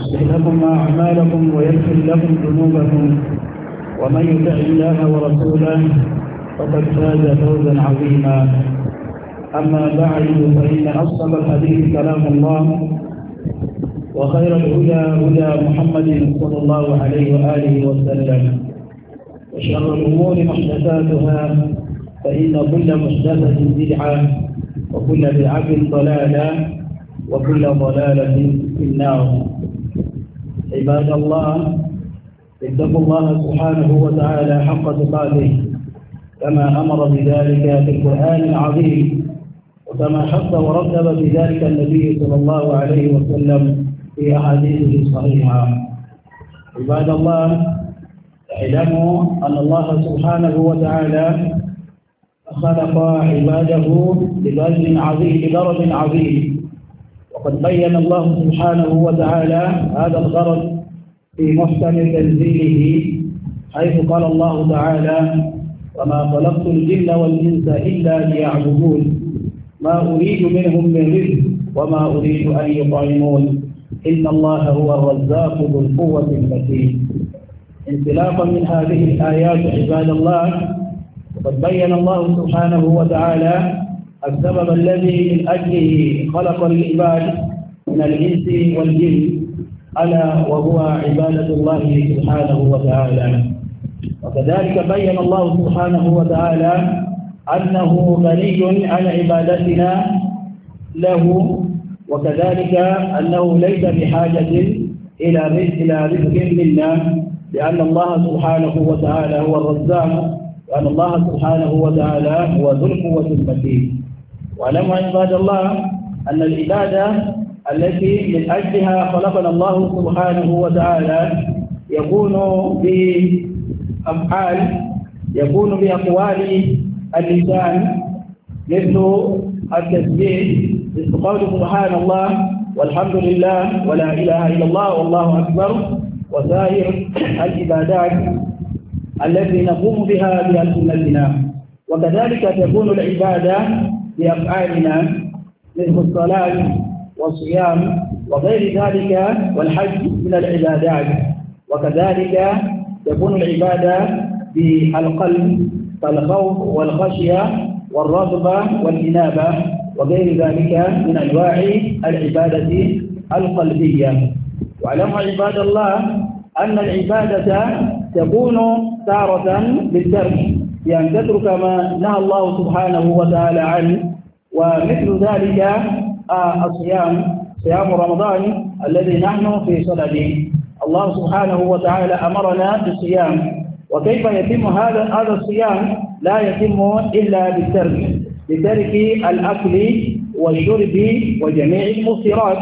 يصلح لكم أعمالكم ويغفر لكم ذنوبكم ومن يطع الله ورسوله فقد فاز فوزا عظيما أما بعد فإن أصل الحديث كلام الله وخير الهدى هدى محمد صلى الله عليه وآله وسلم وشر الأمور محدثاتها فإن كل محدثة بدعة وكل بدعة ضلالة وكل ضلالة في النار عباد الله اتقوا الله سبحانه وتعالى حق تقاته كما أمر بذلك في القرآن العظيم وكما حث ورتب بذلك النبي صلى الله عليه وسلم في أحاديثه الصحيحة عباد الله اعلموا أن الله سبحانه وتعالى خلق عباده لغرض عظيم لغرض عظيم وقد بين الله سبحانه وتعالى هذا الغرض في محكم تنزيله حيث قال الله تعالى وما خلقت الجن والإنس إلا ليعبدون ما أريد منهم من رزق وما أريد أن يطعمون إن الله هو الرزاق ذو القوة المتين انطلاقا من هذه الآيات عباد الله وقد بين الله سبحانه وتعالى السبب الذي من أجله خلق العباد من الإنس والجن ألا وهو عبادة الله سبحانه وتعالى وكذلك بين الله سبحانه وتعالى أنه غني عن عبادتنا له وكذلك أنه ليس بحاجة إلى رزق إلى رزق منا لأن الله سبحانه وتعالى هو الرزاق وأن الله سبحانه وتعالى هو ذو القوة المتين واعلموا عباد الله أن العبادة التي من أجلها خلقنا الله سبحانه وتعالى يكون بأفعال يكون بأقوال اللسان مثل التسبيح مثل قول سبحان الله والحمد لله ولا إله إلا الله والله أكبر وسائر العبادات التي نقوم بها بألسنتنا وكذلك تكون العبادة بأفعالنا مثل الصلاة والصيام وغير ذلك والحج من العبادات وكذلك تكون العبادة بالقلب فالخوف والخشية والرغبة والإنابة وغير ذلك من أنواع العبادة القلبية واعلموا عباد الله أن العبادة تكون تارة بالترك بأن تترك ما نهى الله سبحانه وتعالى عنه ومثل ذلك آه، الصيام صيام رمضان الذي نحن في صدده الله سبحانه وتعالى أمرنا بالصيام وكيف يتم هذا هذا الصيام لا يتم إلا بالترك بترك الأكل والشرب وجميع المفطرات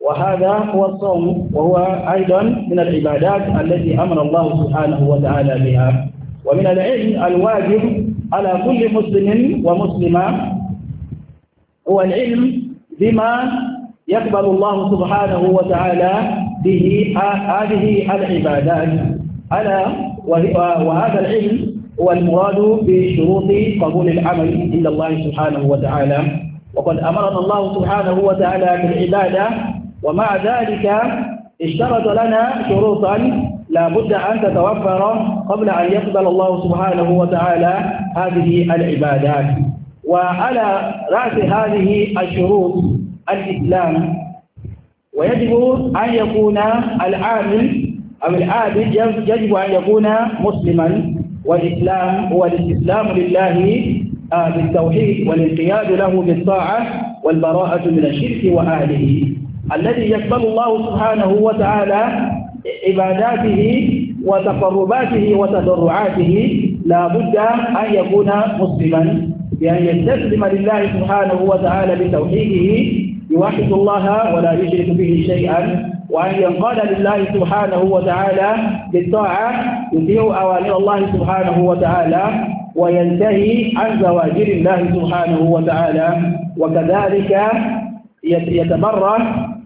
وهذا هو الصوم وهو أيضا من العبادات التي أمر الله سبحانه وتعالى بها ومن العلم الواجب على كل مسلم ومسلمة هو العلم بما يقبل الله سبحانه وتعالى به هذه العبادات ألا وهذا العلم هو المراد بشروط قبول العمل إلا الله سبحانه وتعالى وقد أمرنا الله سبحانه وتعالى بالعبادة ومع ذلك اشترط لنا شروطا لا بد أن تتوفر قبل أن يقبل الله سبحانه وتعالى هذه العبادات وعلى رأس هذه الشروط الإسلام ويجب أن يكون العامل أو العابد يجب أن يكون مسلما والإسلام هو الاستسلام لله آه، بالتوحيد والانقياد له بالطاعة والبراءة من الشرك وأهله الذي يقبل الله سبحانه وتعالى عباداته وتقرباته وتضرعاته لا بد أن يكون مسلما بأن يستسلم لله سبحانه وتعالى بتوحيده يوحد الله ولا يشرك به شيئا وأن ينقاد لله سبحانه وتعالى بالطاعة يطيع أوامر الله سبحانه وتعالى وينتهي عن زواجر الله سبحانه وتعالى وكذلك يتبرأ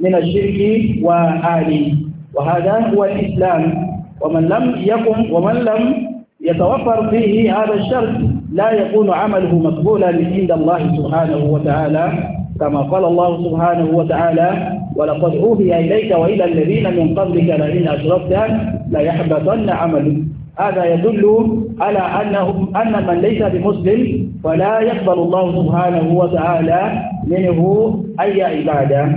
من الشرك وآله وهذا هو الإسلام ومن لم يقم ومن لم يتوفر فيه هذا الشرط لا يكون عمله مقبولا عند الله سبحانه وتعالى كما قال الله سبحانه وتعالى ولقد أوحي إليك وإلى الذين من قبلك لئن أشركت ليحبطن عملك هذا يدل على أنه أن من ليس بمسلم فلا يقبل الله سبحانه وتعالى منه أي عبادة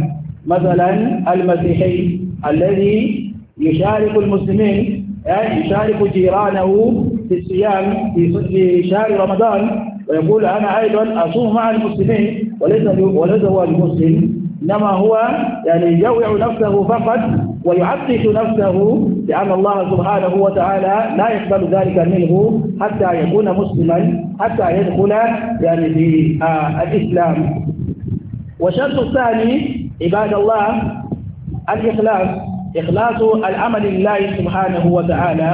مثلا المسيحي الذي يشارك المسلمين يعني يشارك جيرانه في الصيام في شهر رمضان ويقول أنا أيضا أصوم مع المسلمين وليس وليس هو المسلم إنما هو يعني يوع نفسه فقط ويعطش نفسه لأن الله سبحانه وتعالى لا يقبل ذلك منه حتى يكون مسلما حتى يدخل يعني في آه الإسلام والشرط الثاني عباد الله الإخلاص إخلاص العمل لله سبحانه وتعالى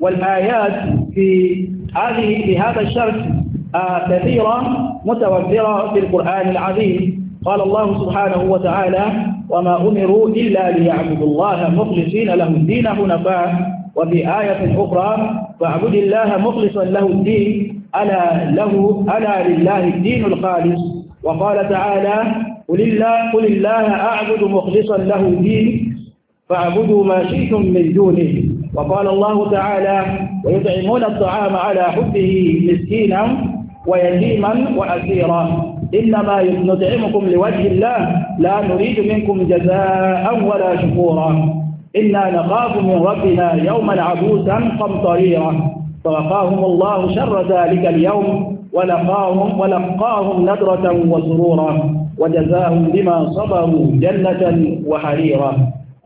والآيات في هذه في هذا الشرط آه، كثيرة متوفرة في القرآن العظيم قال الله سبحانه وتعالى وما أمروا إلا ليعبدوا الله مخلصين له الدين حنفاء وفي آية أخرى فاعبد الله مخلصا له الدين ألا له ألا لله الدين الخالص وقال تعالى قل الله, قل الله أعبد مخلصا له ديني فاعبدوا ما شئتم من دونه وقال الله تعالى ويطعمون الطعام على حبه مسكينا ويتيما وأسيرا إنما نطعمكم لوجه الله لا نريد منكم جزاء ولا شكورا إنا نخاف من ربنا يوما عبوسا قمطريرا فوقاهم الله شر ذلك اليوم ولقاهم ولقاهم نضرة وسرورا وجزاهم بما صبروا جنة وحريرا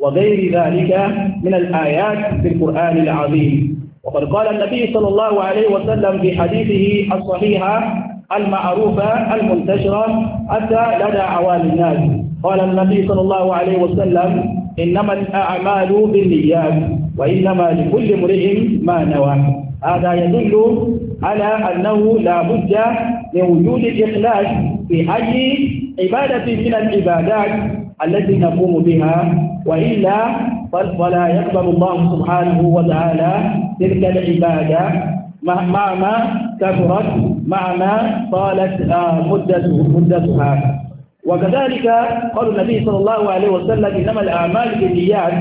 وغير ذلك من الآيات في القرآن العظيم وقد قال النبي صلى الله عليه وسلم في حديثه الصحيحة المعروفة المنتشرة حتى لدى عوام الناس قال النبي صلى الله عليه وسلم إنما الأعمال بالنيات وإنما لكل امرئ ما نوى هذا يدل على أنه لا بد من وجود الإخلاص في أي عبادة من العبادات التي نقوم بها وإلا فلا يقبل الله سبحانه وتعالى تلك العبادة مهما كثرت مهما طالت آه، مدته مدتها وكذلك قال النبي صلى الله عليه وسلم إنما الأعمال بالنيات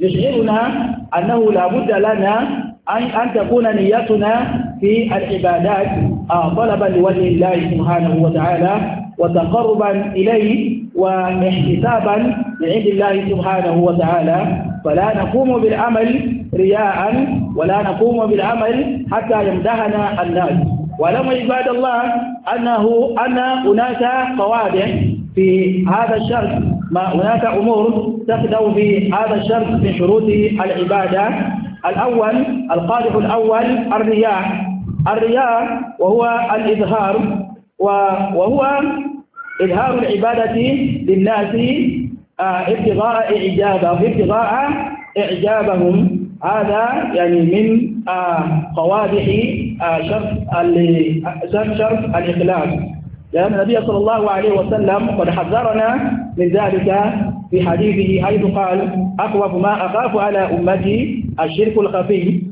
يشعرنا أنه لا بد لنا أن أن تكون نيتنا في العبادات آه، طلبا لوجه الله سبحانه وتعالى وتقربا إليه واحتسابا لعند الله سبحانه وتعالى فلا نقوم بالعمل رياء ولا نقوم بالعمل حتى يمدحنا الناس ولما عباد الله أنه أن هناك قواعد في هذا الشرط ما هناك أمور تخدم في هذا الشرط من شروط العبادة الأول القادح الأول الرياء الرياء وهو الإظهار وهو إظهار العبادة للناس آه، ابتغاء إعجابهم ابتغاء إعجابهم هذا يعني من آه، قوادح آه، شرط شرط الإخلاص لأن النبي صلى الله عليه وسلم قد حذرنا من ذلك في حديثه حيث قال أخوف ما أخاف على أمتي الشرك الخفي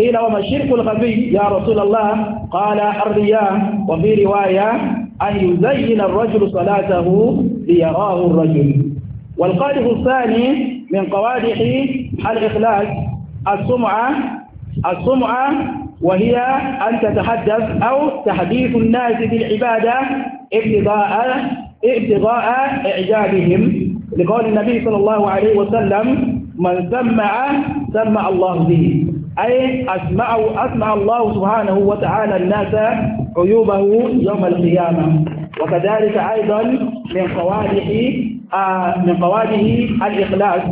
قيل وما الشرك الخفي يا رسول الله قال الرياء وفي رواية أن يزين الرجل صلاته ليراه الرجل والقادح الثاني من قوادح الإخلاص السمعة السمعة وهي أن تتحدث أو تحديث الناس بالعبادة ابتغاء ابتغاء إعجابهم لقول النبي صلى الله عليه وسلم من سمع سمع الله به أي أسمع, أسمع الله سبحانه وتعالى الناس عيوبه يوم القيامة وكذلك أيضا من قواله آه، من قواله الإخلاص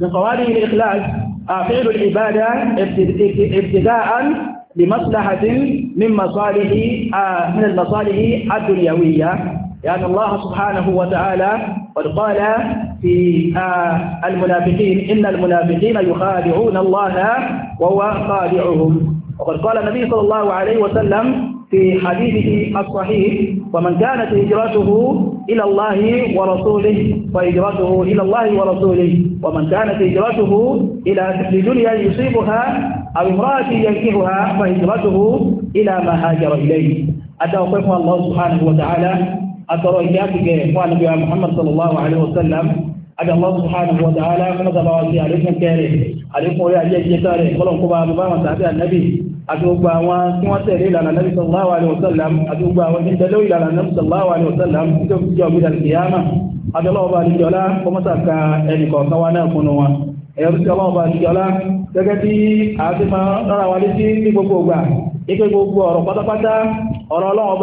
من قواله الإخلاص آه، فعل العبادة ابتداء لمصلحة من مصالح آه، من المصالح الدنيوية لأن يعني الله سبحانه وتعالى قد قال في آه، المنافقين إن المنافقين يخادعون الله وهو خادعهم وقد قال النبي صلى الله عليه وسلم في حديثه الصحيح ومن كانت هجرته إلى الله ورسوله فهجرته إلى الله ورسوله ومن كانت هجرته إلى دنيا يصيبها أو امرأة ينكحها فهجرته إلى ما هاجر إليه أتوقفها الله سبحانه وتعالى atọrọ ìyá àtìgẹ̀ fún ànábì wa muhammad sallallahu alayhi wa sallam adàlọ́ subhanahu wa ta'ala fún ọ̀sán báwa sí àlékún kẹrẹ àlékún orí ajé jẹta rẹ kọlọ̀ kó bá bá wọn tàbí ànábì àti gbogbo àwọn tí wọ́n tẹ̀lé ìlànà ànábì sallallahu alayhi wa àti gbogbo àwọn tí tẹ̀lé ìlànà ànábì sallallahu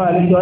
alayhi wa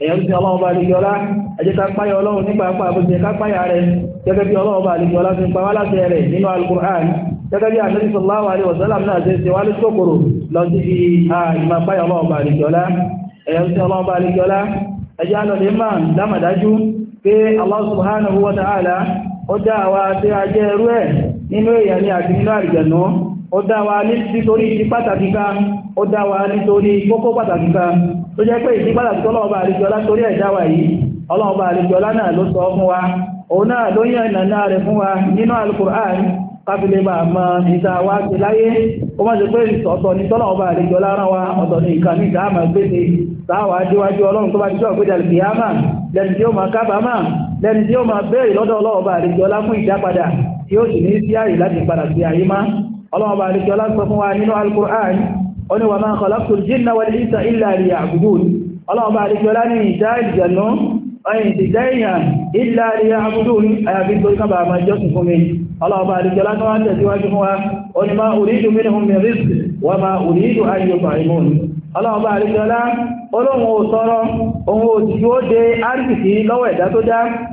èyàn ti ọlọ́run bá lè yọlá ẹjẹ́ ká páyà ọlọ́run nípa apá àbújẹ ká páyà rẹ̀ gẹ́gẹ́ bí ọlọ́run bá lè yọlá fi pa wá láti rẹ̀ nínú alukur'an gẹ́gẹ́ bí ànábì sallallahu alaihi wasallam náà ṣe ṣe wá ní ṣòkòrò lọ sí fi ìmọ̀ páyà ọlọ́run bá Allah subhanahu wa ta'ala ó dá àwa tí a ni àti nínú ó dá wa nítorí ìdí pàtàkì kan ó dá wa nítorí kókó pàtàkì kan tó jẹ́ pé ìdí pàtàkì tọ́lọ́ọ̀bà àríjọlá torí ẹ̀dá wa yìí ọlọ́ọ̀bà àríjọlá náà ló sọ fún wa òun náà ló yàn ìnànà rẹ̀ fún wa nínú alukur'an káfílẹ̀ bá mọ ìta wa ti láyé ó má ṣe pé ọ̀tọ̀ ní tọ́lọ́ọ̀bà àríjọlá rán wa ọ̀tọ̀ ní ìkànnì ìdáàmà gbèsè táwà díwájú ọlọ́run tó bá jíjọ́ ìpínlẹ̀ alìbìyàmà lẹni tí ó máa kábàámà lẹni tí ó máa béèrè lọ́dọ̀ ọlọ́ọ̀bà àríjọlá fún ìdápadà tí ó sì ní sí àyè láti padà sí ayé má ọlọ́wọ́ bá àríkẹ́ ọlá sọ fún wa nínú al-Qur'an ó ní wa ma khalaqtul jinna wal insa illa liya'budun ọlọ́wọ́ bá àríkẹ́ ọlá ní ìdá ìjẹ̀nú ọyìn ti dẹ́yìn illa liya'budun àyàfi tó kábà máa jọ́sìn fún mi ọlọ́wọ́ bá àríkẹ́ ọlá tó wá tẹ̀síwájú fún wa ó ní ma uridu minhum min rizq wa ma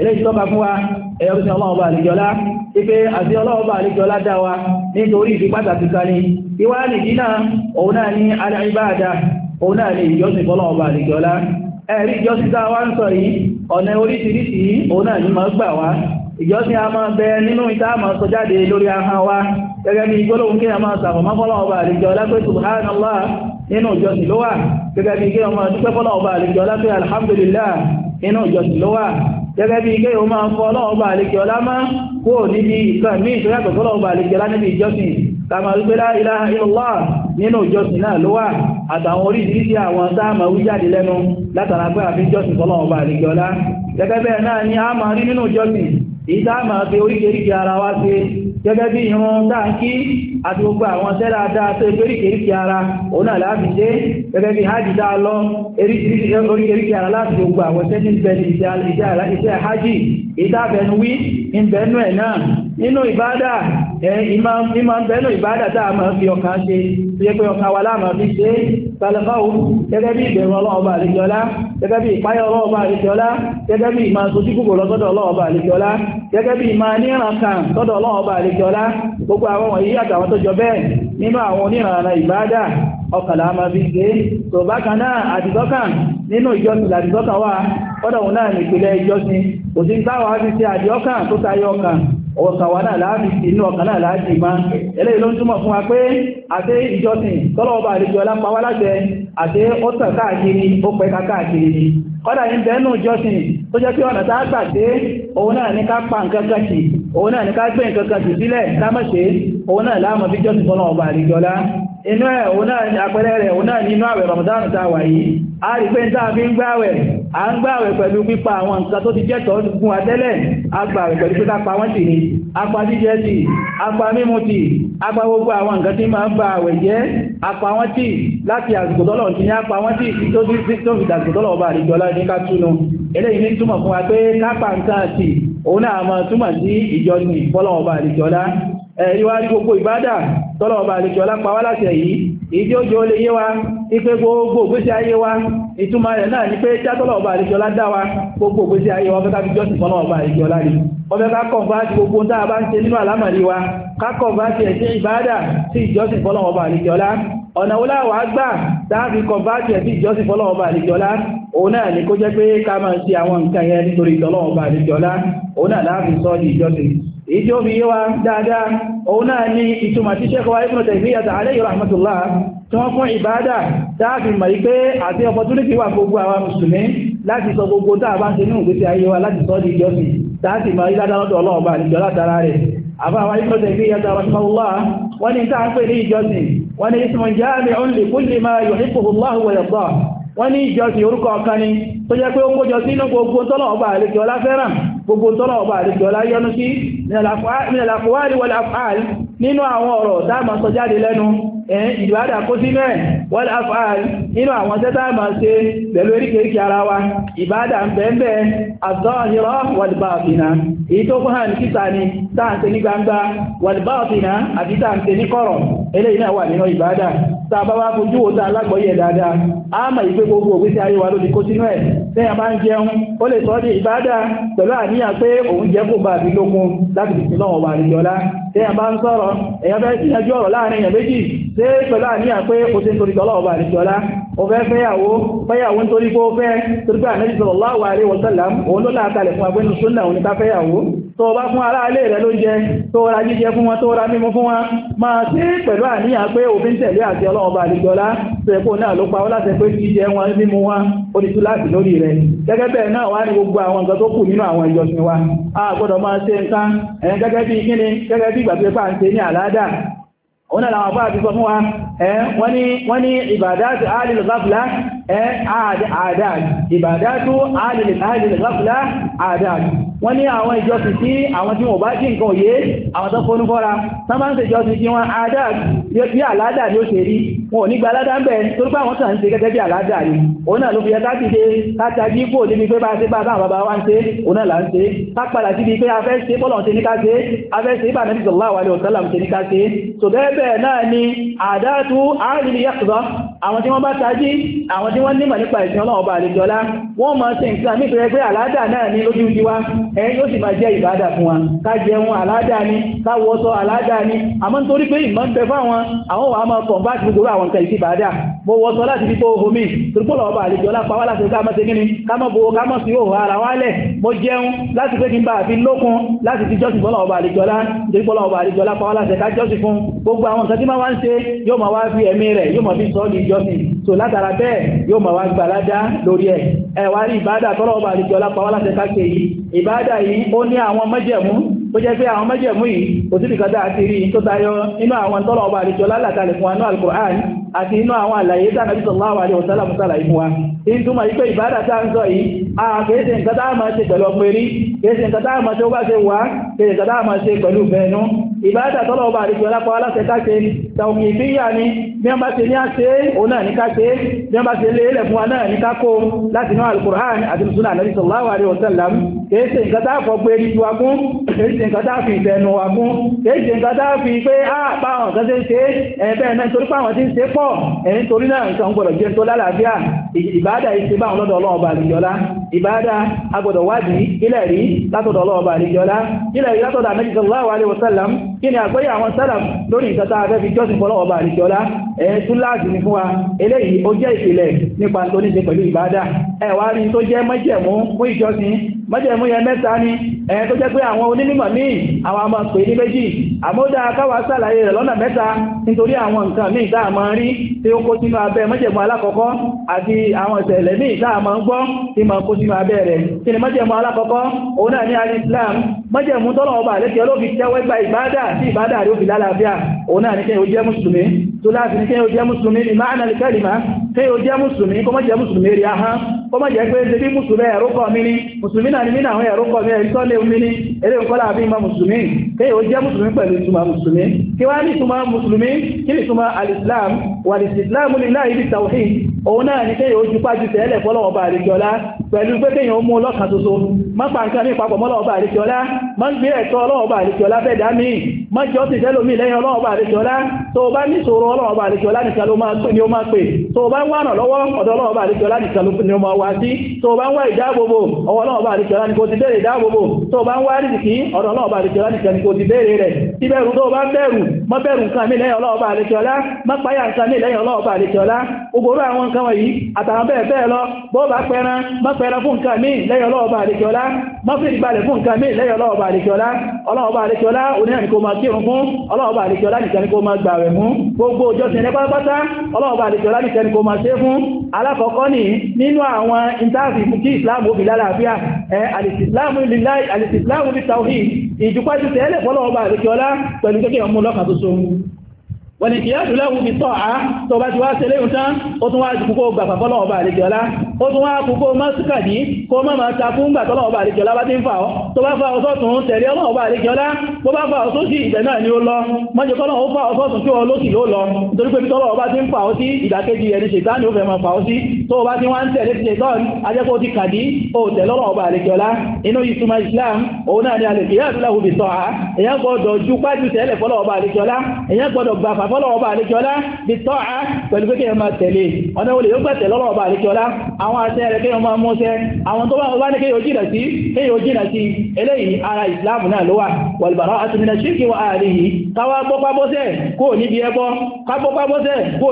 eléyìí tọ́ka fún wa ẹ̀yọ́ bí sọ́mọ́ ọba àlejọ́lá ipé àti ọlọ́ọba àlejọ́lá dá wa nítorí ìdí pàtàkì kan ní ìwá nìdí náà òun náà ní aláìbáadá òun náà ní ìjọsìn fọ́lọ́ọba àlejọ́lá ẹ̀rí ìjọsìn tá a wá ń sọ yìí ọ̀nà oríṣiríṣi òun náà ní máa gbà wá ìjọsìn a máa bẹ nínú ìta máa sọ jáde lórí ahọ́n wa gẹ́gẹ́ bí gbólóhùn kí a máa sàfọ̀mọ́ fọ́lọ́ọba àlejọ́lá pé subhanallah pé alhamdulillah nínú ìjọsìn ló wà gẹ́gẹ́ bí ilé ìwọ̀n máa ń fọ́ ọlọ́run bá àlejò ọlá máa kó níbi ìkan ní ìtọ́yàtọ̀ fọ́lọ́run bá àlejò ọlá níbi ìjọsìn kàmà wípé la ilaha illallah nínú ìjọsìn náà ló wà àtàwọn orí ìdíjí àwọn sáàmà wíjáde lẹ́nu látara pé àfi ìjọsìn fọ́lọ́run ìdáàmà fi oríkèríkè ara wá sí gẹ́gẹ́ bí irun táǹkí àti gbogbo àwọn tẹ́lá dáa tó ẹgbẹ́ oríkèríkè ara òun náà láti dé gẹ́gẹ́ bí hajj dáa lọ oríkèríkè ara láti gbogbo àwọn tẹ́lá ìbẹ̀ni ìṣẹ́ hajj ìdáàbẹ̀nu ìbẹ̀nu ẹ̀ náà nínú ìbádà ìmọ̀ bẹ̀ẹ́nù ìbádà táà máa fi ọkàn ṣe tó yẹ pé ọkàn wa láàmà fi ṣe tàlẹ́fàó gẹ́gẹ́ bí ìbẹ̀rù ọlọ́ọ̀bà àlejọ́lá gẹ́gẹ́ bí ìpáyà ọlọ́ọ̀bà àlejọ́lá gẹ́gẹ́ bí ìmọ̀ sojú gbogbo lọ́sọ́dọ̀ ọlọ́ọ̀bà àlejọ́lá gẹ́gẹ́ bí ìmọ̀ níran kan sọ́dọ̀ ọlọ́ọ̀bà àlejọ́lá gbogbo àwọn wọ̀nyí àtàwọn tó jọ bẹ́ẹ̀ nínú àwọn onírànà ìbádà ọkàlà máa fi ṣe tó bákan náà àdìsọ́kàn nínú ìjọsìn àdìsọ́kàn wà kọ́dọ̀ òun náà nìpínlẹ̀ ọ̀sàwà náà láàbí inú ọ̀kan náà láàájì máa eléyìí ló ń túnmọ̀ fún wa pé àti ìjọsìn tọ́lọ́ọ̀bà àlejò alápawá láṣẹ àti ọ̀tàn káàkiri ó káàkiri ni kọ́dà ń nù ìjọsìn tó jẹ́ pé ọ̀nà tá a gbà dé òun náà ní ká pa nǹkan òun náà ní ká gbé nǹkan kan sì sílẹ̀ lámọ̀ṣe òun náà láàmọ̀ bí jọ́sìn fọ́nà ọba àríjọlá inú ẹ̀ òun náà àpẹẹrẹ rẹ̀ òun náà nínú àwẹ̀ Ramadan tá wà yìí a rí pé tá a fi ń gbàwẹ̀ a ń gbàwẹ̀ pẹ̀lú pípa àwọn nǹkan tó ti jẹ́ tọ́ fún wa tẹ́lẹ̀ a gbàwẹ̀ pẹ̀lú pípa pa wọ́n tì ní apa jíjẹ tì apa mímu tì apa gbogbo àwọn nǹkan tí máa ń ba àwẹ̀ jẹ́ apa wọ́n tì láti àgbòdọ́lọ̀ ti ní apa wọ́n tì tó fi dàgbòdọ́lọ̀ ọba àríjọlá ní ká túnu eléyìí ní túmọ̀ fún wa pé kápá nǹkan tì òun náà máa túmọ̀ sí ìjọni fọ́lọ́wọ́ba àlejọ́lá ẹ̀rí wá rí gbogbo ìbádà tọ́lọ́wọ́ba àlejọ́lá pa wá yìí ìdí ó jẹ́ ó yé wa ipé gbogbo ògbésí ayé wa ìtumọ̀ rẹ̀ náà ni pé játọ́lọ̀ ọba àríjọlá dá wa gbogbo ògbésí ayé wa fẹ́ ká fi jọ́sìn fọ́lọ̀ ọba àríjọlá rí ọbẹ̀ ká kọ̀ǹfà ti gbogbo tá a bá ń ṣe nínú wa ká kọ̀ǹfà ti ẹ̀sìn ìbáàdà sí ìjọ́sìn ọba àríjọlá ọ̀nà gbà ti ẹ̀sìn ìjọ́sìn ọba òun náà ni kó jẹ́ pé ká máa ṣe àwọn ọba òun náà láàfin sọ́ọ́ èyí ó fi yíwa dáadáa òun náà ní ìtumà tí ṣẹ́kọ̀wà Ibn Taymiyyah alayhi rahmatullah tí wọ́n fún ìbádà dáàfin mọ̀ pé àti opportunity wà gbogbo àwọn mùsùlùmí láti sọ gbogbo tàà bá ń ṣe ní ìgbésí ayé wa láti sọ di ìjọsìn dáàfin mọ̀ ìdádálọ́dọ̀ ọlọ́ọ̀bà àti ìjọlá tara rẹ̀ àbáwá Ibn Taymiyyah rahmatullah wọ́n ní tàà ń pè ní ìjọsìn wọ́n ní ismun jami'un li kulli ma yuhibbuhu gbogbo tọ́lọ̀ ọba àríkẹ́ ọlá yọ́nú sí nílàkùwárí wọlé àfáàrí nínú àwọn ọ̀rọ̀ dáàmà sọ jáde lẹ́nu ẹ̀yìn ìdìbádà kó sí mẹ́ wọlé àfáàrí nínú àwọn tẹ́tàmà ṣe pẹ̀lú eríkèríkè ara wa ìbádà ń bẹ̀ẹ́bẹ̀ àzọ́hìrọ́ wàlìbáàfìnà èyí tó fún hàn kíta ni táàǹtẹ́ ní gbangba wàlìbáàfìnà àti táàǹtẹ́ ní kọ̀rọ̀ eléyìí náà wà nínú ìbádà tàbá wá fojú wò tá alágbọ̀yẹ̀ dáadáa a mọ̀ ìpé gbogbo ògbésí ayé wa ló ti kó sínú ẹ̀ tí a bá ń jẹun ó lè sọ di ìbádà pẹ̀lú àníyàn pé òun jẹ́ kó bá àbí lókun láti fi sílọ̀ ọ̀wà àríjọlá tí a bá ń sọ̀rọ̀ èèyàn fẹ́ síyanjú ọ̀rọ̀ láàrin èèyàn méjì tí pẹ̀lú àníyàn pé ó ti ń torí tọ́lọ̀ ọ̀wà àríjọlá ó fẹ́ fẹ́yàwó fẹ́ torí fẹ́yàwó tó bá fún ará ilé rẹ̀ ló jẹ tó ra jíjẹ fún wọn tó ra mímu fún wọn máa sí pẹ̀lú àníyàn pé òfin tẹ̀lé àti ọlọ́run bá àdìjọlá tó ẹ̀kọ́ náà ló pa ó láti pé jíjẹ wọn mímu wọn oníṣú láti lórí rẹ̀ gẹ́gẹ́ bẹ́ẹ̀ náà wá ní gbogbo àwọn nǹkan tó kù nínú àwọn ìjọsìn wa a gbọ́dọ̀ máa ṣe nǹkan gẹ́gẹ́ bí kíni gẹ́gẹ́ bí ìgbà tó pa ń ṣe ní àládà òun náà làwọn àbáàbí sọ fún wa wọ́n ní ìbàdátù alìlì gáfìlá àdáàdì ìbàdátù alìlì gáfìlá àdáàdì wọ́n ní àwọn ìjọsìn tí àwọn tí wọ́n bá jí nǹkan òye àwọn tó fónú fọ́ra sámánsì ìjọsìn tí wọ́n àdáàdì bí àládà ni ó ṣe rí wọn ò ní gbaládà ń bẹ̀ tó rí pàwọn tàn ń ṣe gẹ́gẹ́ bí àládà rí òun náà ló fi ẹka dìde látàgí kò níbi pé bá ṣe bá bá bàbá wa ń ṣe òun náà là ń ṣe pápálà síbi pé afẹ́ ṣe bọ́lọ̀ ṣe ní ká ṣe afẹ́ ṣe bá nàbí sallallahu alaihi wasallam ń ṣe ní ká ṣe bẹ́ẹ̀ náà ni àdáàtú àárírí yàtọ̀ àwọn tí wọ́n bá tají àwọn tí wọ́n nímọ̀ nípa ìsìn ọlọ́run ọba àlejọ́lá wọ́n máa ṣe nǹkan mí pẹ̀lẹ́ pé àládà náà ní lójú ti wá ẹ̀yìn yóò sì máa jẹ́ ìbádà fún wa ká jẹun àládà ni ká àládà ni àmọ́ nítorí pé ìmọ̀ ń bẹ fáwọn àwọn wàá máa pọ̀ bá ti gbogbo àwọn nǹkan ìsìbádà mo wọṣọ láti fi tó omi torípọ̀lọ̀ àlejọ́lá pa wá láti ká mọ́ ṣe kíni ká mọ́ bo ká mọ́ sí òhò ara wálẹ̀ mo jẹun láti pé kí n bá àfi lókun láti fi jọ́sìn fọ́lọ̀ ọba àlejọ́lá torípọ̀lọ̀ ọba àlejọ́lá pa wá láti ká jọ́sìn fún gbogbo àwọn nǹkan tí máa wá ń ṣe yóò máa wá fi ẹ̀mí rẹ̀ yóò máa fi sọ́ ní ìjọsìn tó látara bẹ́ẹ̀ yóò máa wá gbàládá lórí ẹ̀ ẹ̀wà rí ìbádà tọ́lọ́ọ̀bà àlejò ọlápàá láti káṣe yìí ìbádà yìí ó ní àwọn májẹ̀mú tó jẹ́ pé àwọn májẹ̀mú yìí kò sí nìkan dáa ti rí tó tayọ inú àwọn tọ́lọ́ọ̀bà àlejò lálàkalẹ̀ fún anú alukur'an àti inú àwọn àlàyé tánàbí sallallahu alaihi wasallam sàlàyé fún wa in túmọ̀ yí pé ìbádà tá ń sọ yìí a kèése nǹkan tá a máa ṣe pẹ̀lú ọmọ eré kèése nǹkan tá a máa ṣe ó bá ṣe wà kèése nǹkan tá a ṣe pẹ̀lú bẹ́ẹ̀nu ìbádà tọ́lọ̀ ọba àdìsí ọlápá aláṣẹ káṣe tàwọn ìgbéyà ni bí wọ́n bá ṣe ní àṣẹ òun náà ní ká ṣe bí wọ́n bá ṣe lé ilẹ̀ fún wa náà ní ká kó láti ní alukur'an àti musulman àti sallallahu alaihi wasallam kìí ṣe nǹkan tá fọ́ gbé ìjú wa gún kìí ṣe nǹkan tá fi ìfẹ́nu wa gún kìí ṣe nǹkan tá fi pé àpáwọn kan ṣe ń ṣe ẹ̀ẹ́bẹ̀ẹ́ náà torí pàwọn tí ń ṣe pọ̀ ẹ̀yìn torí náà nǹkan gbọ́dọ̀ jẹ́ tó lálàáfíà ìbáadà ìṣẹ́ báwọn lọ́dọ̀ ọlọ́ọ̀bà àríjọlá ìbáadà agbọ́dọ̀ wádìí ilẹ̀ rí látọ̀dọ̀ ọlọ́ọ̀bà àríjọlá ilẹ̀ rí látọ̀dọ̀ jọ́sìn fọ́lọ́wọ́ bá àríkẹ́ọ́lá ẹ̀ẹ́ tún láàjì ní fún wa eléyìí ó jẹ́ ìpìlẹ̀ nípa tó níṣe pẹ̀lú ìbádà ẹ̀wà rí tó jẹ́ májẹ̀mú fún ìjọsìn májẹ̀mú yẹn mẹ́ta ni ẹ̀ẹ́ tó jẹ́ pé àwọn onímọ̀ míì àwọn ọmọ pè ní méjì àmódá káwà sàlàyé rẹ̀ lọ́nà mẹ́ta nítorí àwọn nǹkan míì tá a máa rí tí ó kó sínú abẹ́ májẹ̀mú alákọ̀ọ́kọ́ àti àwọn ìṣẹ̀lẹ̀ míì tá a máa ń gbọ́ tí máa kó sínú abẹ́ rẹ̀ kí ni májẹ̀mú alákọ̀ọ́kọ́ òun náà ní alìsílám májẹ̀mú tọ́lọ̀ ọba àlẹ́kẹ́ jẹ́ mùsùlùmí tó láti ní kéyàn jẹ́ mùsùlùmí ní máa nà lè kẹ́lìmá kéyàn jẹ́ mùsùlùmí kó jẹ́ mùsùlùmí rí ahán kó mọ́ jẹ́ pé ṣe bí mùsùlùmí ẹ̀rúkọ mi ní mùsùlùmí náà ni mí náà ẹ̀rúkọ mi ẹ̀rí tọ́lẹ̀ mi ní eré ìkọ́lá àbí ìmọ̀ mùsùlùmí kí ó jẹ́ mùsùlùmí pẹ̀lú ìtumọ̀ mùsùlùmí kí wá ní ìtumọ̀ mùsùlùmí kí ní ìtumọ̀ alìsìláàmù wà ní ìsìláàmù lillahi bi tawhid òun náà ni kéèyàn ojú pájú tẹ́lẹ̀ fọ́lọ́wọ́ bá àríkíọlá pẹ̀lú pé kéèyàn ó mú ọlọ́kan ṣoṣo má pa nǹkan ní ìpapọ̀ mọ́lọ́wọ́ ni ó máa pè tó bá ń wà náà lọ́wọ́ ni ó máa wá sí tó bá ń wá ìdáàbòbò ọwọ́ náà bá àríkẹ́lá ní kò ti bẹ̀rẹ̀ ìdáàbòbò tó bá ń wá rìsìkí ọ̀dọ̀ náà bá àríkẹ́lá ní kò ti bẹ̀rẹ̀ rẹ̀ tí bẹ̀rù tó bá bẹ̀rù mọ́ bẹ̀rù nǹkan mi lẹ́yìn ọlọ́ọ̀bá àríkẹ́lá mọ́ páyà nǹkan mi lẹ́yìn ọlọ́ọ̀bá àríkẹ́lá ògbòrò àwọn nǹkan wọ̀nyí àtàwọn bẹ́ẹ̀ bẹ́ẹ̀ lọ bó bá pẹran mọ́ pẹran fún nǹkan mi lẹ́yìn ọlọ́ọ̀bá àríkẹ́lá mọ́ fi ìgbàlẹ̀ fún nǹkan mi lẹ́yìn ọlọ́ọ̀bá àwọn ìtàfi mú kí ìsìláàmù ó fi lálàáfíà alìsìsìláàmù lillahi alìsìsìláàmù bí tawhid ìjùpájú tẹ́lẹ̀ fọ́lọ́ọ̀bà àríkíọlá pẹ̀lú kékè ọmọ lọ́kà tó so wọ́n ni kìí àdúláwù ní tọ́ àá tó bá ti wá ṣe léhùn tán ó tún wá jùkúkó gbàfà fọ́lọ́ọ̀bà àríkíọlá ó tún wá kúkó mọ́síkà ní kó mọ́ máa ta fún gbà tọ́lọ́ọ̀bà àríkíọlá bá ti ń fà ọ́ tó bá fà ọ́ sọ́tún tẹ̀lé ọlọ́ọ̀bà àríkíọlá bó bá fà ọ́ sósì ìbẹ̀ náà tó bá ti wá ń tẹ̀lé ti ṣetán ajẹ́kọ́ ti kàdí ó tẹ̀lọ́rọ̀ ọba àlejọ́lá inú ìtumọ̀ islam òun náà ni àlejìyà àdúláwò bìí sọ àá èyàn gbọ́dọ̀ ju pájú tẹ̀lẹ̀ fọ́lọ̀ ọba àlejọ́lá èyàn gbọ́dọ̀ gbàfà fọ́lọ̀ ọba àlejọ́lá bìí sọ àá pẹ̀lú pé kéèyàn máa tẹ̀lé ọ̀nà olè yóò gbà tẹ̀lọ́rọ̀ ọba àlejọ́lá àwọn àṣẹ rẹ̀ kéèyàn máa múṣẹ́ àwọn tó bá ní kéèyàn jìnà sí kéèyàn jìnà sí eléyìí ara islam náà ló wà wàlùbàrà àtúnmínà ṣíkì wà níbi ẹbọ ká gbọ́pá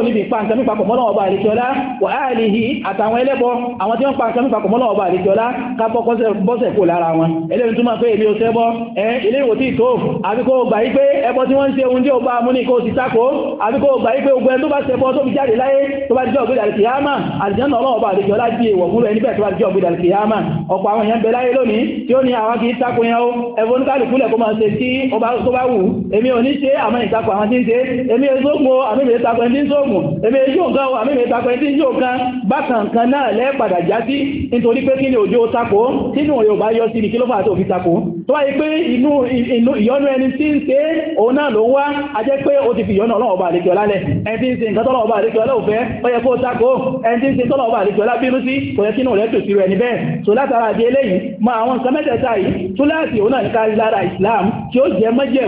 níbi ìpàǹkan nípapọ̀ mọ́lọ́wọ́ ọba àlejọ́lá wà áàlì yìí kèfèrí àtàwọn ẹlẹ́bọ àwọn tí wọ́n pa nǹkan nípa kọ̀mọ́lọ̀ ọba àdìjọlá kápọ́ bọ́sẹ̀ kò lára wọn eléyìn túnmọ̀ pé èmi ò sẹ́bọ́ ẹ ilé ìwò tí tó àbí kó gbà yí pé ẹbọ tí wọ́n ń ṣe ohun tí ó bá mú ní kó sì tako àbí kó gbà yí pé ogun ẹni tó o ẹbọ ní kálukú lẹ̀ kó máa ṣe tí ó bá tó bá wù èmi ò ní ṣe àmọ́ ìtakò àwọn tí ń ṣe èmi mo àmì mi tako ẹni tí ń sóòmù èmi èso nǹkan àmì mi tako ẹni bá apákan kan náà lẹ́ẹ̀padà já sí nítorí pé kí ni òjò tako tínú Yorùbá yọ sí ni kí ló fà tó fi tako tó wáyé pé inú ìyọnu ẹni tí ń ṣe òun náà ló ń wá a jẹ́ pé ó ti fi ìyọnu ọlọ́ọ̀bà àlekè ọlá lẹ̀ ẹni tí ń ṣe nǹkan tọ́lọ̀ọ̀bà àlekè ọlá òfẹ́ ó yẹ kó tako ẹni tí ń ṣe tọ́lọ̀ọ̀bà àlekè ọlá bínú sí kò yẹ kínú rẹ̀ tò sí rẹ̀ ní bẹ́ẹ̀ so látara àdé eléyìí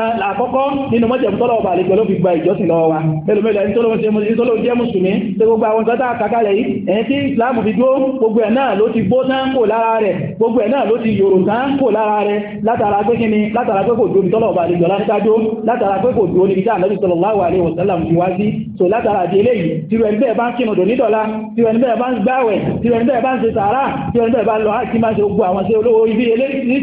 àkọ́kọ́ nínú mọ́jẹ̀mú tọ́lọ̀ ọba àlejò ló fi gba ìjọsìn lọ́wọ́ wa mẹ́lùmẹ́lù ẹni tọ́lọ́ ṣe mọ́jẹ̀ tọ́lọ́ jẹ́ mùsùlùmí tí gbogbo àwọn tọ́ta àkàkàlẹ̀ yìí ẹni tí Islam fi dúró gbogbo ẹ̀ náà ló ti gbó tán kò lára rẹ̀ gbogbo ẹ̀ náà ló ti yòrò tán kò lára rẹ̀ látara pé kíni látara pé kò dúró tọ́lọ̀ ọba àlejò láńtájó látara pé kò dúró níbi tí ànábì sallallahu alaihi wasallam fi wá sí so látara di eléyìí tí rẹ̀ bẹ́ẹ̀ bá ń kírun dò nídọ̀la tí rẹ̀ bẹ́ẹ̀ bá ń gbáwẹ̀ tí rẹ̀ bẹ́ẹ̀ bá ń ṣe sàárà tí rẹ̀ bẹ́ẹ̀ bá lọ àti máa ṣe gbogbo àwọn ṣe olówó ibi eléyìí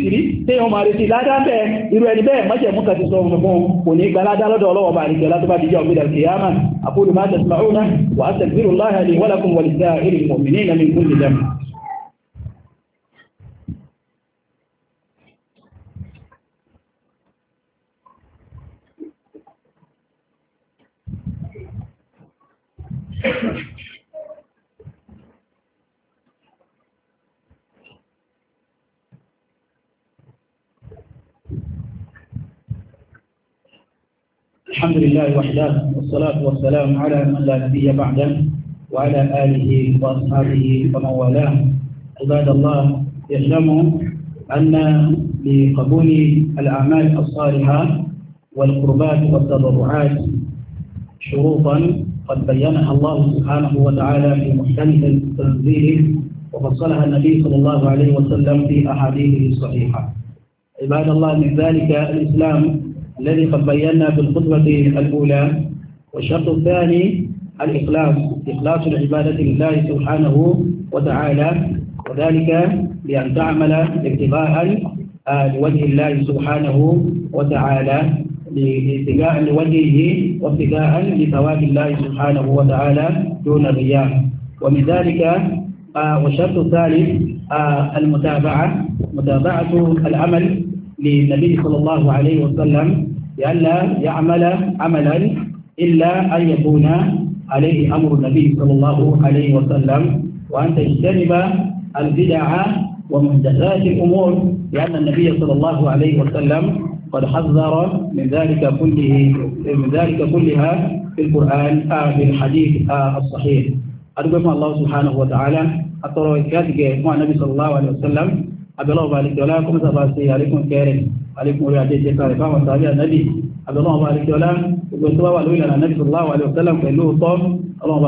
tí èèyàn máa retí ládàá bẹ́ẹ̀ irú ẹni bẹ́ẹ̀ mọ́jẹ̀mú kàt ti sọ ọmọ fún kò ní gbaládá lọ́dọ̀ ọlọ́wọ́ bá àríkẹ́ látọ́ bá dìjọ́ ọ̀gbẹ́dà kìyàmà aqulu ma tasma'una wa astaghfirullaha li wa lakum wa lisa'iril mu'minina min kulli dhanb Thank you. الحمد لله وحده والصلاة والسلام على من لا نبي بعده وعلى آله وأصحابه ومن والاه عباد الله يعلموا أن لقبول الأعمال الصالحة والقربات والتضرعات شروطا قد بينها الله سبحانه وتعالى في محكم التنزيل وفصلها النبي صلى الله عليه وسلم في أحاديثه الصحيحة عباد الله من ذلك الإسلام الذي قد بينا في الخطبة الأولى والشرط الثاني الإخلاص إخلاص العبادة لله سبحانه وتعالى وذلك بأن تعمل ابتغاء لوجه الله سبحانه وتعالى ابتغاء لوجهه وابتغاء لثواب الله سبحانه وتعالى دون الرياء ومن ذلك آه، والشرط الثالث آه، المتابعة متابعة العمل للنبي صلى الله عليه وسلم لئلا يعمل عملا إلا أن يكون عليه أمر النبي صلى الله عليه وسلم وأن تجتنب البدع ومحدثات الأمور لأن النبي صلى الله عليه وسلم قد حذر من ذلك كله من ذلك كلها في القرآن آه في الحديث آه الصحيح أدعو الله سبحانه وتعالى أترى كاتك مع النبي صلى الله عليه وسلم abẹ́lọ́wọ́ bá alìkẹ́ọ́lá kó mẹ́ta bá ṣe àlékún kẹrẹ àlékún orí ajé jẹta rẹ̀ fáwọn sàbí ànábì abẹ́lọ́wọ́ bá alìkẹ́ọ́lá gbogbo tó bá wà lórí ìlànà ànábì sallallahu alaihi wasallam pẹ̀lú ọ̀tọ́ ọlọ́wọ́ bá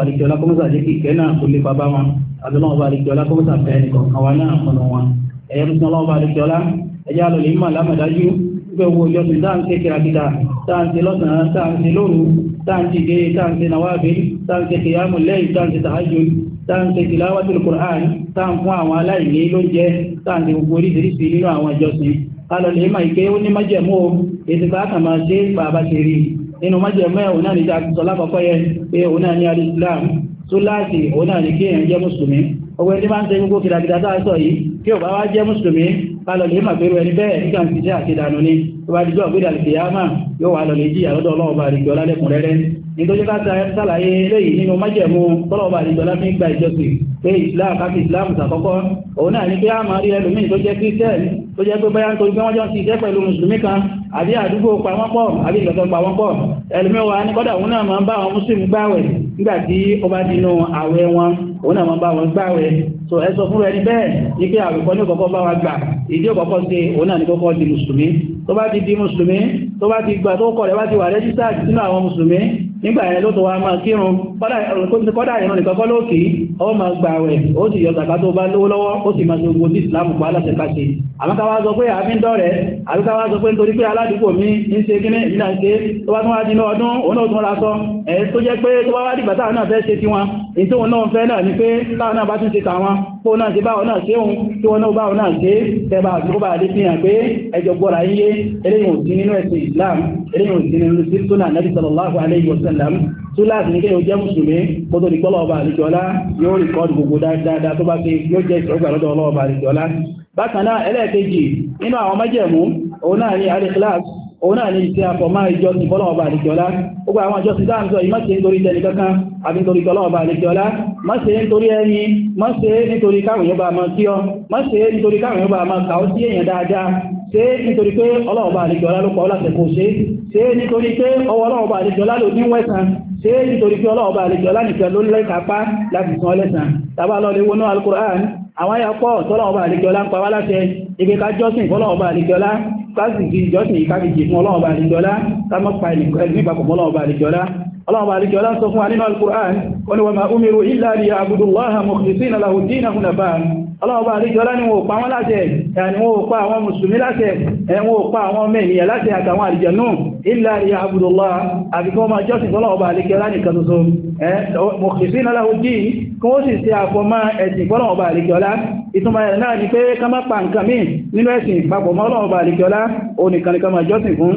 alìkẹ́ọ́lá náà mọ̀nà wọn ẹ̀yẹ́ táǹtì tìláwàtì kùrán táǹ fún àwọn aláìní lo jẹ́ táǹtì gbogbo oríṣiríṣi si n'inu ìjọsìn kálọ̀ lè máa ike onye ní ike o ètò bá kàn máa ṣe bàbá ṣe rí nínú májẹ̀mú ẹ̀ òun náà ní sọ lápapọ̀ yẹ pé òun náà ní alìsílám tó láti òun náà ní kí èèyàn jẹ́ mùsùlùmí ọgbẹ́ tí máa ń ṣe gbogbo kìdàkìdà tá a sọ yìí kí ò bá wá jẹ́ mùsùlùmí kálọ̀ lè máa pẹ̀lú ẹni bẹ́ẹ̀ nígbà ni nítorí ká sàlàyé eléyìí nínú májẹ̀mú tọ́lọ̀ọ̀bà àdìjọlá fi ń gba ìjọsìn pé islam káfí islam sàkọ́kọ́ òun náà ní pé a máa rí ẹlòmíì tó jẹ́ kírísítẹ́ẹ̀lì tó jẹ́ pé báyá ń torí pé wọ́n jọ ń ṣiṣẹ́ pẹ̀lú mùsùlùmí kan àbí àdúgbò pàwọ́pọ̀ àbí ìgbẹ̀tọ̀ pàwọ́pọ̀ ẹlòmíì wa ní kọ́dà òun náà máa ń bá àwọn mùsùlùmí gbáwẹ̀ nígbà tí ó bá dínú àwẹ̀ wọn òun náà máa ń bá wọn gbáwẹ̀ so ẹ sọ fún ẹni bẹ́ẹ̀ ní pé àwẹ̀kọ́ ní kọ́kọ́ bá wa gbà ìdí òkọ́kọ́ sí òun náà ní kọ́kọ́ di mùsùlùmí tó bá ti di mùsùlùmí tó bá ti gbà tó kọ̀ rẹ̀ bá ti wà rẹ́jísítà sínú àwọn mùsùlùmí nígbà ẹ̀ ló tó wá máa kírun kọ́dá ìran nìkan kọ́ lóòkì ọwọ́ máa gba àwẹ̀ ó sì yọ zàkà tó bá lówó lọ́wọ́ ó sì máa ṣe ogun tí ìsìláàmù pa aláṣẹ àmọ́káwá sọ pé àmì dọ́rẹ̀ àbíkáwá sọ pé nítorí pé aládùúgbò mi ń ṣe kíní ìlà ṣe tó bá tún wá dínú ọdún òun náà tún ra sọ ẹ̀ tó jẹ́ pé tó bá wá dìgbà táwọn náà fẹ́ ṣe tiwọn èyí tó ni Islam eléyìí òsìnà ní sí súnà nàbí sallallahu alayhi wa sallam tó láti ní kéèyàn jẹ́ mùsùlùmí kó tó di pọ́lọ̀ ọba àlejòọ́lá yóò rí kọ́ọ̀dù gbogbo dáadáa tó bá fi yóò jẹ́ ìṣọ́gbà lọ́dọ̀ ọlọ́ọba àlejòọ́lá bákan náà ẹlẹ́ẹ̀kejì nínú àwọn májẹ̀mú òun náà ní al òun náà ṣe nítorí pé ọlọ́ọ̀bá àríjọlá ló pọ̀ láti kò ṣe ṣe nítorí pé ọwọ́ ọlọ́ọ̀bá àríjọlá ló ní wẹ́sàn ṣe nítorí pé ọlọ́ọ̀bá àríjọlá nìkan ló lẹ́kàpá láti san ọlẹ́sàn tàbá lọ lè wọnú alukur'an àwọn ayà pọ̀ tọ́lọ́ọ̀bá àríjọlá ń pa wá láṣẹ ibi ká jọ́sìn fọ́lọ́ọ̀bá àríjọlá káàsì fi jọ́sìn ìkájì fún ọlọ́ọ̀bá àríjọlá ká mọ́ pa ẹ̀mí papọ̀ mọ́lọ́ọ̀bá àríjọlá اللهم بارك ولا سوف علينا القرآن وما أمروا إلا ليعبدوا الله مخلصين له الدين هنفان اللهم بارك ولا نمو قام لا شيء يعني مو قام مسلم لا شيء يعني مو قام من لا شيء كما الجنون إلا ليعبدوا الله أبيكم ما جاءت اللهم بارك ولا نكذب مخلصين له الدين kó sì ṣe àfọmọ́ ẹ̀sìn fọ́lọ̀ ọba àríkẹ́ọlá ìtumọ̀ ẹ̀ náà ni pé ká má pa nǹkan míì nínú ẹ̀sìn papọ̀ mọ́ ọlọ́ọ̀ba àríkẹ́ọlá òun nìkan ni ká máa jọ́sìn fún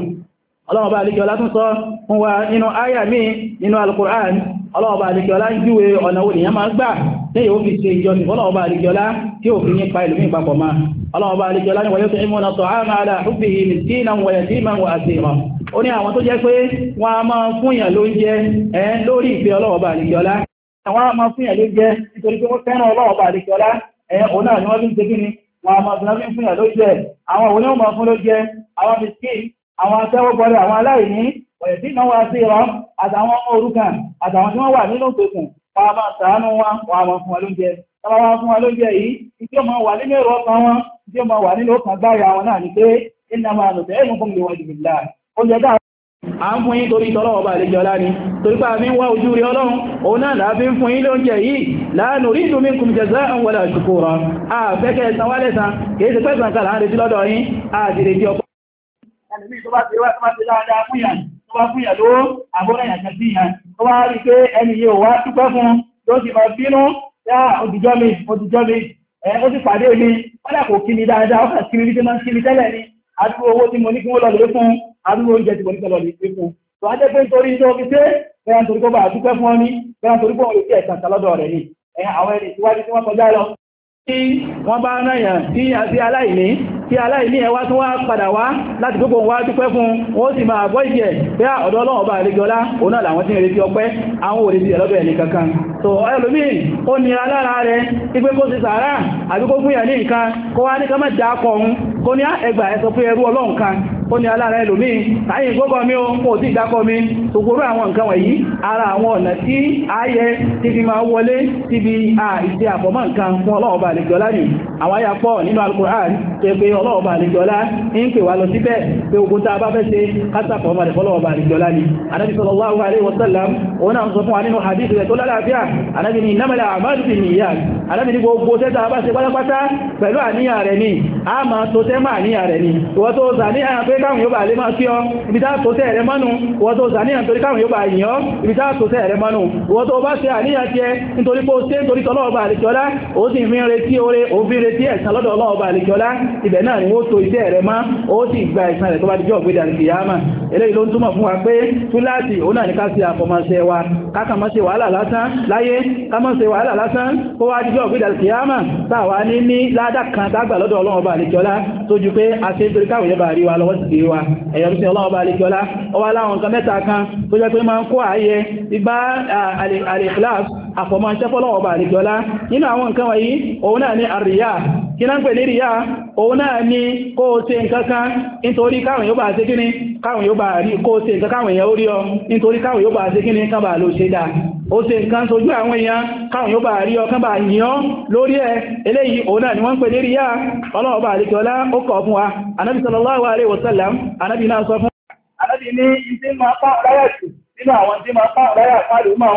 ọlọ́wọ́ bá alékẹ́ ọlá tún sọ fún wa nínú àyà mí nínú al-Qur'an ọlọ́wọ́ bá alékẹ́ ọlá ń júwe ọ̀nà wo nìyàn máa gbà tí yóò fi ṣe ìjọ ọlọ́wọ́ bá alékẹ́ ọlá tí ò fi ní pa ìlúmí papọ̀ ma ọlọ́wọ́ bá alékẹ́ ọlá ní wọ́n yóò tẹ́ ìmọ̀nà ta'ama ala hubbihi miskinan wa yatiman wa asira ó ní àwọn tó jẹ́ pé wọ́n a máa àwọn aṣẹ́wọ́ pọ̀lẹ̀ àwọn aláìní ọ̀yẹ̀ tí náà wá sí ìran àtàwọn ọmọ òrukàn àtàwọn tí wọ́n wà nínú òkùnkùn wọ́n máa ṣàánú wọn wọ́n máa fún wọn lóúnjẹ tọ́lá wọn fún wọn lóúnjẹ yìí tí ó máa wà nínú èrò ọkàn wọn tí ó máa wà nínú ọkàn gbáyà wọn náà ni pé iná máa lò bẹ́ẹ̀ fún mi wọ́n jùlọ oúnjẹ dáa a ń rí ọlọ́run òun náà láàbí ń fún yín lóúnjẹ yìí la nuridu minkum jaza'an kìí ṣe pẹ́sàn kan láàrin sí lọ́dọ̀ yín àti ìrètí ọkọ̀ ẹlòmíì tó bá ti wá tó bá ti dáadáa fún yàn tó bá fún yàn ló àbúrò yàn kan sí yàn tó bá rí pé ẹni yìí ò wá dúpẹ́ fún yóò sì máa bínú yá òdìjọ́ mi òdìjọ́ mi ẹ ó sì pàdé mi wọ́n kò kí mi dáadáa ó kà kí mi bí máa ń kí mi tẹ́lẹ̀ ni àdúgbò owó tí mo ní kí wọ́n lọ lè fún àdúgbò oúnjẹ tí mo ní kí wọ́n lọ lè fún tó á jẹ́ pé nítorí tó fi ṣe bẹ́ẹ̀ nítorí kó bá àdúpẹ́ fún ọ ní bẹ́ẹ̀ nítorí kó wọn lè fi ẹ̀sán tálọ́dọ̀ rẹ̀ ni àwọn ẹni ìwádìí tí wọ́n kọjá lọ tí wọ́n bá náà yàn sí aláìní tí aláìní ẹwà tún wá padà wá láti gbogbo wá dúpẹ́ fún wọ́n sì máa bọ́ ìdí ẹ̀ pé ah, ọ̀dọ̀ ọlọ́run ọba àrẹ́gọ́lá òun náà làwọn tí ń retí ọpẹ́ àwọn òrè ẹ̀lọ́bẹ̀ ẹni kankan so ẹlòmí ó ipé kó sì sàárà àbíkó fún ní nǹkan kó wá ní ó ní alára ẹlòmí ayé gbogbo mi o kò tí ìdákọ́ mi ògbòrò àwọn nǹkan wọ̀nyí ara àwọn ọ̀nà tí ayẹ ti fi máa wọlé ti fi ìdí àfọ̀mọ́ nǹkan fún ọlọ́ọ̀bà àlejọ́lá nì àwọn ayà pọ̀ nínú Al-Qur'an tẹ pé ọlọ́ọ̀bà àlejọ́lá ń pè wá lọ síbẹ̀ pé ogun tá a bá fẹ́ ṣe kátàkọ̀ ọmọdé fọlọ́ọ̀bà àlejọ́lá ni Ànábì sallallahu ni innamal a'malu ni gbogbo tẹ́ta bá ṣe pátápátá pẹ̀lú àníyàn rẹ̀ ni a máa tó tẹ́ máa rẹ̀ ni ìwọ́n tó sàníyàn pé pé káwọn yóò bà lè máa kí ọ ibi tá tó tẹ́ẹ̀rẹ mọ́nu wọ́n tó sàníyàn torí káwọn yóò bà yìnyàn ibi tá tó tẹ́ẹ̀rẹ mọ́nu wọ́n tó bá ṣe àníyàn tiẹ̀ nítorí pé ó ṣe nítorí tọ́lọ́ọ̀bà àlejọ́lá ó sì fi retí oore òfin retí ẹ̀san lọ́dọ̀ ọlọ́ọ̀bà àlejọ́lá ibẹ̀ náà ni wọ́n tó iṣẹ́ rẹ̀ mọ́ ó sì gba ẹ̀san rẹ̀ tó bá dijọ́ ògbédà kìyàmà eléyìí ló ń túmọ̀ fún wa pé túláàsì òun náà ní ká ṣe àfọmọṣẹ wa káka ju pé a ṣe ń káwọn yẹn bá rí wa lọ́wọ́ sí wa ẹ̀yọ́ bí sí ọlọ́wọ́ bá alékiọlá ọwá láwọn nǹkan mẹ́ta kan tó jẹ́ pé máa ń kó ààyè ibá àlèkìláàsì àfọmọ́ṣẹ́ fọ́lọ́wọ́ bá àríkọ́lá nínú àwọn nǹkan wọ̀nyí òun náà ni àríyá kí náà ń pè ní ríyá òun náà ni kó o ṣe nǹkan kan nítorí káwọn yóò bá ṣe kíní káwọn yóò bá rí kó o ṣe nǹkan káwọn èèyàn ó rí ọ nítorí káwọn yóò bá ṣe kíní kán bá lò ṣe dáa ó ṣe nǹkan sojú àwọn èèyàn káwọn yóò bá rí ọ kán bá yìn ọ́ lórí ẹ eléyìí òun náà ni wọ́n ń pè ní ríyá ọlọ́wọ́ bá àríkọ́lá ó kọ̀ fún wa anábì sallallahu alaihi wasallam anábì náà sọ fún anábì ní ìdí máa pààrọ̀ ráyà jù nínú àwọn tí máa pààrọ̀ ráyà pààrọ̀ máa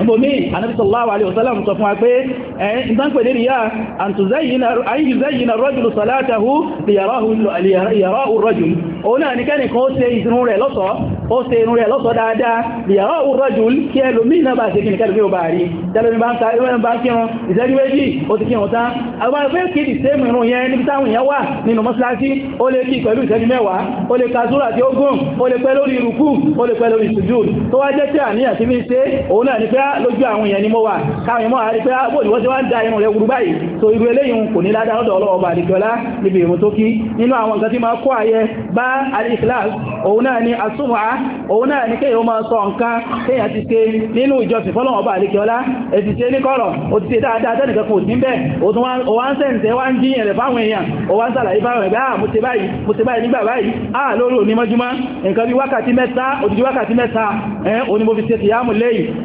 ibomi anabi sallallahu alaihi wasallam sọ fún wa pé eh ndan pe ni ya an tuzayyina ay yuzayyina ar-rajulu salatahu li yarahu yarahu ar-rajul ona ni kan ko ṣe ìrun rẹ̀ lọ́ṣọ̀ọ́ ó ṣe ìrun rẹ̀ lọ́ṣọ̀ọ́ dáadáa li yarahu ar-rajul kí ẹlòmí na bá ṣe kin kan bí ó bá rí dalo ni ba ta ìwé ba kírun ìṣẹ́jú méjì ó ti kírun tán àwa fẹ́ kí di same ìrun yẹn ni ta yẹn wà nínú mọ́sálásí ó pẹ̀lú ìṣẹ́jú mẹ́wàá ó lè ka tí ó gùn ó lè pẹ́ lórí ruku ó lè pẹ́ lórí sujud tó wá jẹ́ ti àníyàn tí mi ṣe òun náà ni pé bóyá lójú àwọn èèyàn ni mo wà káwọn èèyàn àrí pé ah, bóòlù wọ́n ti wá ń da irun rẹ̀ gúrú báyìí so irú eléyìn kò ní ládá lọ́dọ̀ ọlọ́ọ̀bà àdìjọlá níbi ìrùn tó kí nínú àwọn nǹkan tí máa kó àyẹ bá al òun náà ni asúnmọ̀á òun ni kéèyàn máa sọ nǹkan kéèyàn ti ṣe nínú ìjọsìn fọ́lọ́ọ̀bà àdìjọlá èsì ṣe ní kọ̀rọ̀ ó ti ṣe dáadáa tẹ́nìkan kò sí bẹ́ẹ̀ ó wá ń sẹ̀ǹtẹ̀ wá ń jíyàn rẹ̀ fáwọn èèyàn ó wá ń sàlàyé fáwọn ẹ̀gbẹ́ àà ah, mo ti báyìí mo ti báyìí nígbà báyìí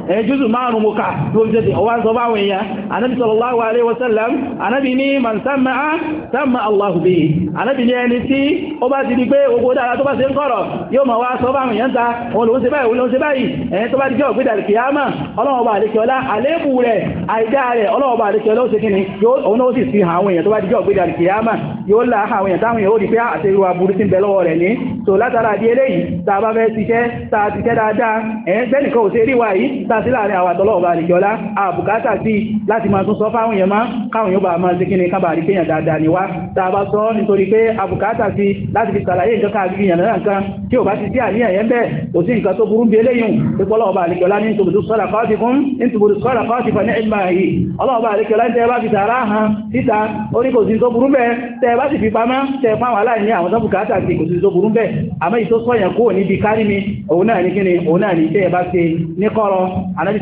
ah, àà hadisu márùn mú ká lóòjẹ́dẹ̀ ọwá sọ bá wọn èèyàn anábi sallallahu alaihi wasallam anábi ní man sama'a sama allahu bihi anábi ní ẹni tí ó bá ti di pé ogo dára tó bá ṣe ń kọ̀rọ̀ yóò ma wá sọ bá wọn èèyàn ta wọn lòun ṣe báyìí lòun ṣe báyìí ẹni tó bá ti jẹ́ ògbé dàrí kìyàmà ọlọ́wọ́ ti jẹ́ dáadáa ẹ̀ bẹ́nìkan ò ṣe rí wa yìí sí láàrin láàrin àwọn àtọ́lọ́wọ̀ bá àríjọlá àbùkátà sí láti máa tún sọ fáwọn èèyàn máa káwọn yóò bá máa sí kíni kábà rí kéèyàn dáadáa ni wá tàbá sọ nítorí pé àbùkátà sí láti fi sàlàyé nǹkan káàkiri èèyàn náà kan tí ò bá ti sí àníyàn yẹn bẹ́ẹ̀ kò sí nǹkan tó burú bí eléyìn pípọ́lọ́wọ̀ bá àríjọlá ní tòbùdú sọ́là fáwọ́sì fún nítorí sọ́là fáwọ́sì fún ní ẹgbà yìí ọlọ́wọ́ bá àríjọlá ń tẹ́ bá fi tààrà hàn síta orí kò sí tó burú bẹ́ẹ̀ tẹ́ bá sì fi pamọ́ tẹ́ fáwọn aláìní àwọn tó bùkátà sí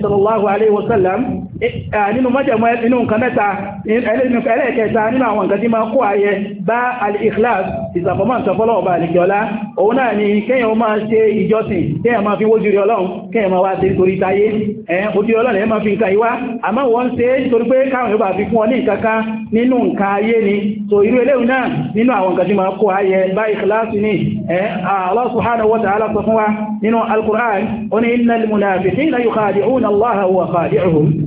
sallallahu alaihi wasallam eh, ah, nínú mọ́jẹ̀mọ́ inú nǹkan mẹ́ta ẹlẹ́ẹ̀kẹta nínú àwọn nǹkan tí máa kó ayẹ bá al-ikhlas ìsàfọ́mọ́ ìsàfọ́lọ́ ọba àlìkẹ́ọlá òun náà ni kéèyàn máa ṣe ìjọsìn kéèyàn máa fi wójú rí ọlọ́run kéèyàn máa wá sí torí táyé ẹ̀yìn ojú ọlọ́run ẹ̀ máa fi nǹkan ìwá àmọ́ wọ́n ṣe torí pé káwọn yóò bá من القرآن قل إن المنافقين يخادعون الله وخادعهم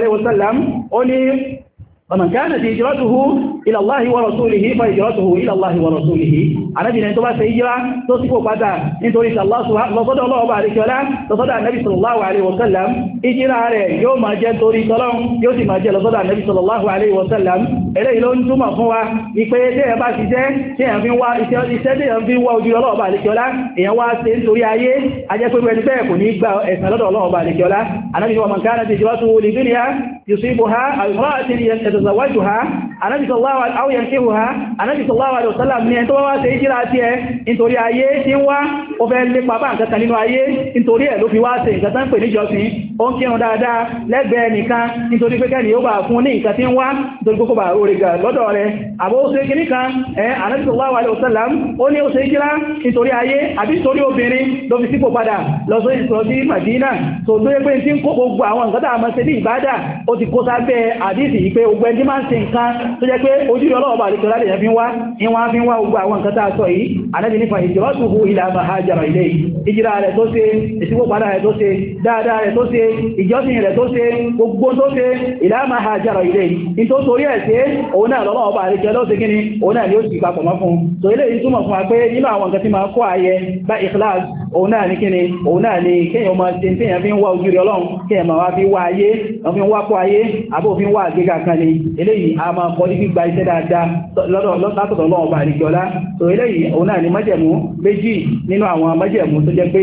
عليه وسلم ó ní فمن كانت هجرته إلى الله ورسوله فهجرته إلى الله ورسوله أنا بنا أنتوا بس هجرة تصفوا بدا أنتوا إن الله سبحانه وصدى الله بارك ولا تصدى النبي صلى الله عليه وسلم هجرة عليه يوم ما جاء توري صلاة يوم ما جاء لصدى النبي صلى الله عليه وسلم eléyìí ló ń túmọ̀ fún wa ìpé téèyàn bá ṣiṣẹ́ téèyàn fi ń wá iṣẹ́ téèyàn fi ń wá ojú ọlọ́ọ̀bà àlekíọ́lá èèyàn wá ṣe nítorí ayé ajẹ́pẹ́rú ẹni bẹ́ẹ̀ kò ní gba ẹ̀san lọ́dọ̀ ọlọ́ọ̀bà àlekíọ́lá anábìyàn ọmọ nǹkan náà ti jọ́ tó lè dúnìyà yusufu ha àlùfáà ti ẹ̀sọ̀ tẹ̀sàwájú ha Ànábì sallallahu alaihi wasallam Ànábì sallallahu alaihi wasallam ní ẹni tó bá wá ṣe ìjírà àti ẹ nítorí ayé tí ń wá ó fẹ́ lépa bá nǹkan kan nínú ayé nítorí ẹ̀ ló fi wá ṣe nǹkan tán pè níjọsìn ó ń kírun dáadáa lẹ́gbẹ̀ẹ́ nìkan nítorí pé kẹ́ni ó bà fún ní nǹkan tí ń wá nítorí kókó bà orí gà lọ́dọ̀ rẹ̀ àbó ó ṣe kìíní kan ẹ Ànábì sallallahu alaihi wasallam ó ní ó ṣe ìjírà nítorí ayé àbí nítorí obìnrin ló fi sípò tó jẹ́ pé ojú ọlọ́ọ̀bà àríkọlá lè fi wá ní wọ́n fi wá gbogbo àwọn nǹkan tàà sọ yìí anábi nípa ìjọ́sùgbò ilẹ̀ àmàhájára ilẹ̀ ìjìra rẹ̀ tó ṣe ìsìnkópadà rẹ̀ tó ṣe dáadáa rẹ̀ tó ṣe ìjọ́sìn rẹ̀ tó ṣe gbogbo tó ṣe ilẹ̀ àmàhájára ilẹ̀ in tó torí ẹ̀ ṣe òun náà lọ́lọ́ọ̀bà àríkẹ́ lọ́sẹ̀ kí ni òun náà ni ó sì papọ̀ mọ́ fún so ilé ìtumọ̀ fún wa pé nínú àwọn nǹkan tí máa kó ààyè bá ìkìláàsì òun náà ní kíni òun náà ní kéèyàn máa ṣe téèyàn fi ń wá ojú rẹ ọlọ́run kéèyàn máa fi wá ayé wọ́n fi ń wápọ̀ ayé àbó fi ń wá àgbéga kan ni eléyìí a máa kọ́ ní gbígba iṣẹ́ dáadáa látọ̀dọ̀ ọlọ́run ọba tó eléyìí òun náà ní májẹ̀mú méjì nínú àwọn májẹ̀mú tó jẹ́ pé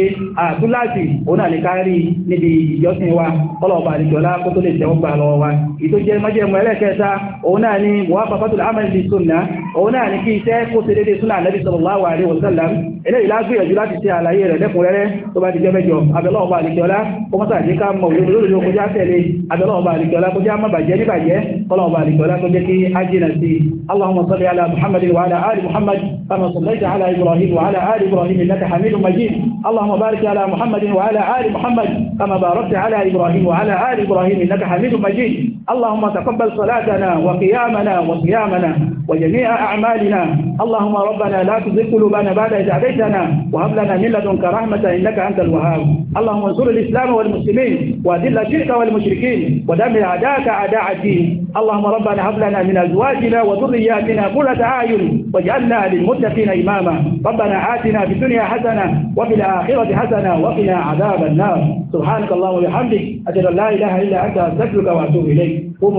òun náà ní kárí níbi ìjọsìn wa ọlọ́run ọba kó tó lè rẹ̀ lẹ́kùnrẹ́rẹ́ tó bá di jẹ́ mẹ́jọ abẹ́lọ́ọ̀bá àlejọ́lá kó mọ́sà jẹ́ ká mọ̀ òdodo lórí okòjá tẹ̀lé abẹ́lọ́ọ̀bá àlejọ́lá kó jẹ́ má bàjẹ́ ní bàjẹ́ kọ́lọ́ọ̀bá àlejọ́lá kó jẹ́ kí á jìnà sí اللهم صل على محمد وعلى آل محمد كما صليت على إبراهيم وعلى آل إبراهيم إنك حميد مجيد اللهم بارك على محمد وعلى آل محمد كما باركت على إبراهيم وعلى آل إبراهيم إنك حميد مجيد اللهم تقبل صلاتنا وقيامنا وصيامنا وجميع أعمالنا اللهم ربنا لا تزغ قلوبنا بعد إذ هديتنا وهب لنا من لدنك رحمة إنك أنت الوهاب اللهم انصر الإسلام والمسلمين وأذل الشرك والمشركين ودمر أعداءك أعداء الدين اللهم ربنا هب لنا من أزواجنا وذرياتنا قرة أعين واجعلنا للمتقين إماما ربنا آتنا في الدنيا حسنة وفي الآخرة حسنة وقنا عذاب النار سبحانك اللهم وبحمدك أشهد أن لا إله إلا أنت أستغفرك وأتوب إليك